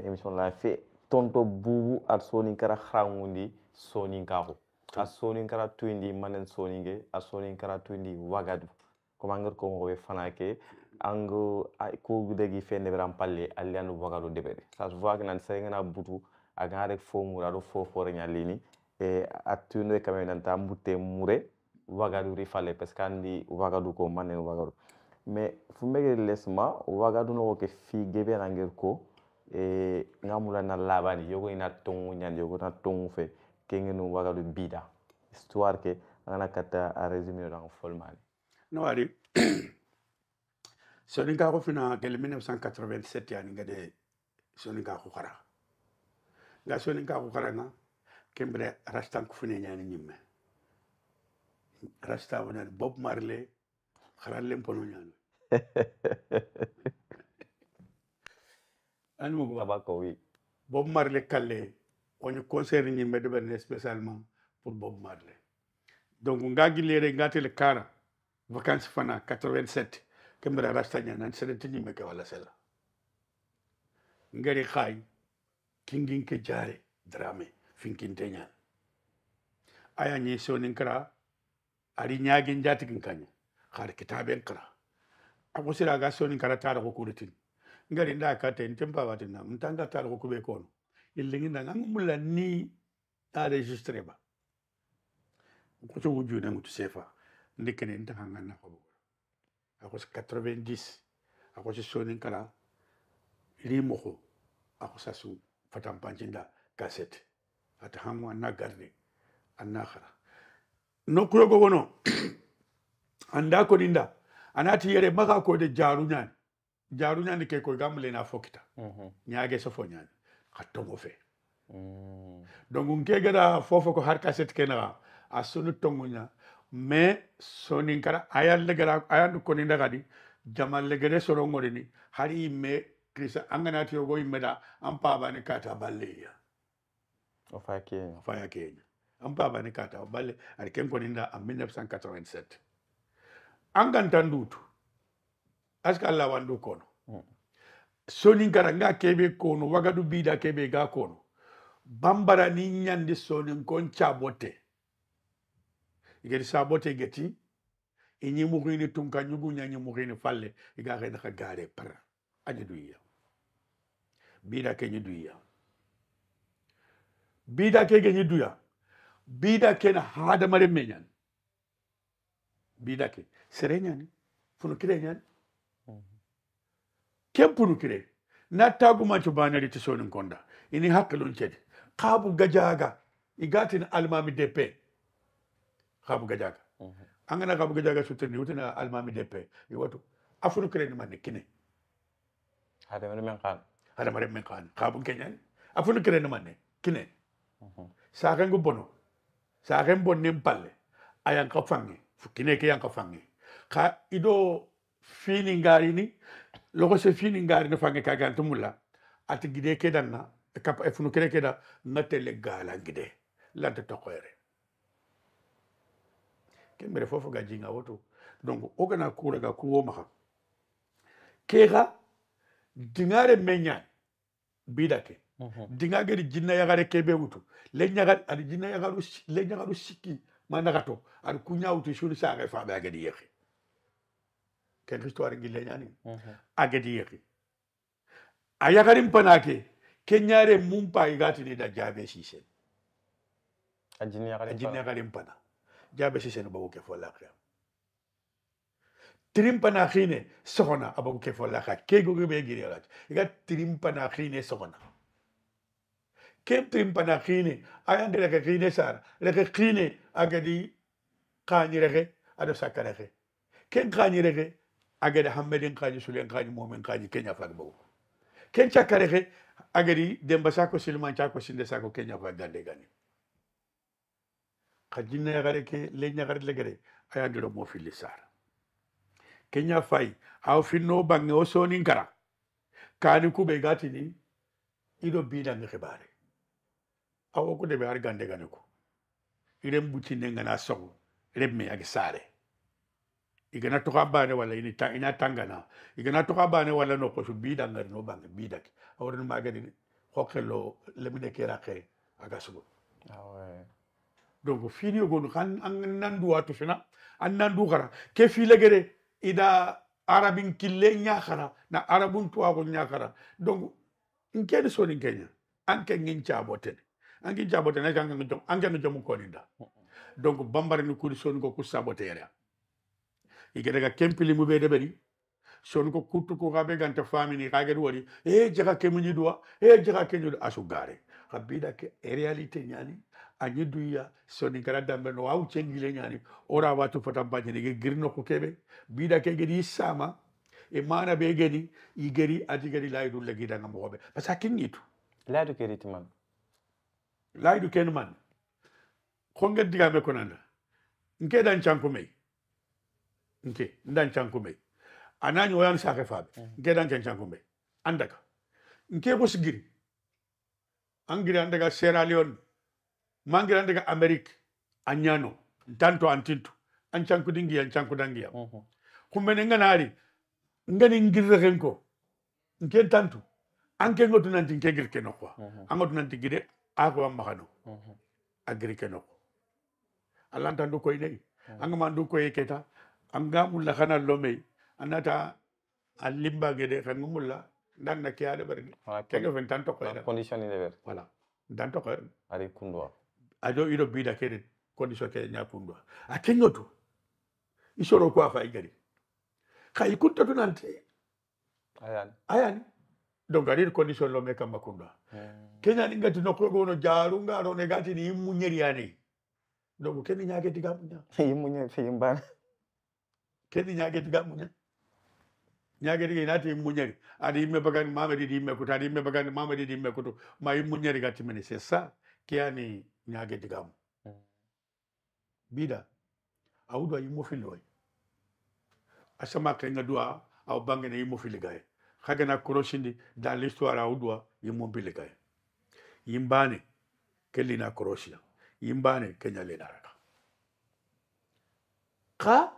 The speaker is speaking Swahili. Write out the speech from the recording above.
te émission la fe tonto bubu ar soninkara haraŋundi soninkaku a soninkara tuyindi manen soninge a soninkara tuyindi wagadu comme angir ko mogoɓe fana ke ang ku degi fe ndeɓeran palle alli wagadu deɓere sa voit que nan serengana butu agana rek fo mure aɗo fo lini e eh, a tuyinore kame nanta mbutte mure wagadu ri falle parce que andi wagadu ko manen wagadu mais fu lesma wagadu nogo ke fi geɓe ko Eh, ngamula na labani yogo ina tungu nyan yogo na tungu fe kenge nu waga lu bida histoire ke angana kata a resume no folmani no ari soni ka ko fina gel 1987 yani ngade soni ka ko kara ga soni ka ko kara na kembre rastan ko fina nyani nyimme rasta wona bob marley kharalle mpono nyani Animogo. Tabako, oui. Bob Marley Calais, on y concerne une spécialement pour Bob Marley. Donc, on a dit le car, vacances fana 87, que me rastanya, n'en serait ni me kavala cela. Ngari Khai, Kingin Kejare, drame, finkintenya. Aya nyesho ninkara, ari nyagin jatikin kanya, khar kitaben kara. Ako sila gasho ninkara tara kukurutin. ngari nda kate nte mpawati na mtanga tala kukube kono ilinginda ngangumula ni enregistré ba kucho ujune ngutu sefa ndikene nta hangana kobo akos 90 akos soni kala limoko akos asu fatampanjinda cassette atahamu anna garde anna khara nokuyogo wono anda ko dinda anati yere maka ko de jaru nyani jaaru ñandi ke koy gam lena fokita ñaage mhm. fo ñani xa tongo fe mm. donc nke gada fofo ko har cassette ke naxa a sunu tonguña mais sonin kara ayalle gara ayandu koni ndagadi jamalle gere ni hari imme krista anganati yogo imme da an pabani kata balleya o faya kenya o faya kenya an pabani kata balle ari ken koninda en 1987 an gantan dutu askalla wandu kono hmm. soni garanga kebe kono wagadu bida kebe ga kono bambara ni nyandi soni koncha bote igeri sabote geti inyi mugini tunka nyugu nyanyi mugini falle iga gena ka gare pr aje duya bida ke nyi duya bida ke ge nyi duya bida ke na hada mare menyan bida ke serenyan funu kire nyani kempuru kire na tagumancu banariti sonin konda ini hakalun kedi kabu gajaga igatin almami dp kabu gajaga mhm. angana kabu gajaga ni wutina almami yi iwatu afuru kire ni man kine hada mare men kan mare men kan kabu kenyan afuru kire ni manne kine sakengu bono saken bonnen palle ka fange kine ke ka fange ka ido fini ni logo se fini ngari no fange kaga antumula ati gide ke danna kap e funu kere keda ngate le gala gide la de tokere kembere fofu ga jinga woto donc o gana kura ga kuwo maha kega dingare menya bidake mm -hmm. dinga gari jinna ya gare kebe wutu le nyaga ari jinna ya le nyaga ru siki manaka to ari kunya wutu shuru sa ga fa ba di yexe kentutuwar gille nyani agediyeki ayakarin panake kenyare mumpa igati ni da jabe sisen ajini yakarin pana jabe sisen babu ke folakya tirimpana khine sohona ababu ke folaka ke gugu be girirat iga tirimpana khine sohona kem tirimpana khine ayande reke khine sar reke khine agadi khani reke ado sakareke ken khani reke agada hammeden kañi sulen kañi momen kañi kenya fag baw ken cakkare xe agadi demba sako silman cako sinde sako kenya fag gande gani xa jinna yaxare ke le ñaxare legere a yandiro mo filli sara kenya fay aw noo bange o sonin kara kani kube gatini ido bidange xibare Awoo ko deɓe har gande gane ko iren butinne ngana sogo remme age saare na toxa bane wala ina tangana igana toxa bane wala no xosu bidangari no bange bidak awarani magadini xoqelo lemine ke a aga sugo donc fini yogonu xan nanduwatu fina an nandu xara ke filegere ida arabin kille ñaxara na arabun tuwaxo ñaxara donc nkeni sonin keña anke ngin cabotene angin cabotene anke angeno ni koninda donc bambarani kudi soningo ku saboterea igedega kempili mubede beri son ko kutu ko gabe ganta famini kage du wari e jaga kemuni duwa e jaga kenyu asu gare kabida ke e realite nyani anyi duya soni gara dambe no au chengile nyani ora watu fata banye ni girno ko kebe bida ke gedi sama e mana be gedi igeri adi gedi laidu lagi danga mo be pasa kinyitu laidu kedi man laidu ken man konga diga be konanda nke dan chanko mei nke ndan cankumbe y'an sa sake fabe mm. nke dan can an andaka nke bos giri an giri an daga sierra leone man giri an daga amerique an yano mm. tanto an tinto an cankudingiya an cankudangiyam mm-hmm. ngana ari ngani ngirreken ko nke tantu anke ngotu nanti nke giri keno quoi mm-hmm. an ngotu nanti giri ko an magano mm-hmm. a giri keno ko ndu koy nayi mm. an gamandu koye keta anga mulla kana lomei anata alimba gede kan mulla dan na kiya de berni kenge ah, fen tanto ko era condition ni ber wala danto ko ari kundwa ajo ido bida kede condition ke nya kundwa a kengo tu isoro ko afa igari kai ikunta tu nante ayan ayan donc aɗa yiɗi condition lo me kam makkunɗo keñani gati nokkogo no jarunga ɗo ne gati ne yimmuñeri yani donc kene ñaageti ga muña yimmuñe yimbana kedi nyage ga muñal nyage ga inati yim muñeri aɗa yimme bagandi mama ɗiɗi me koto aɗa yimme bagandi mama ɗiɗi me kutu ma yim muñeri ga timini c'est ça keyani ñagueti ga mum biɗa awudu a yimmo filli oy asama kenga duwa aw bangene yimmo filli gaye na korosindi dans l'histoire awuduwa yimmo pilli gaye yimbane kellina korosiya yimbane keñaleɗaraga ka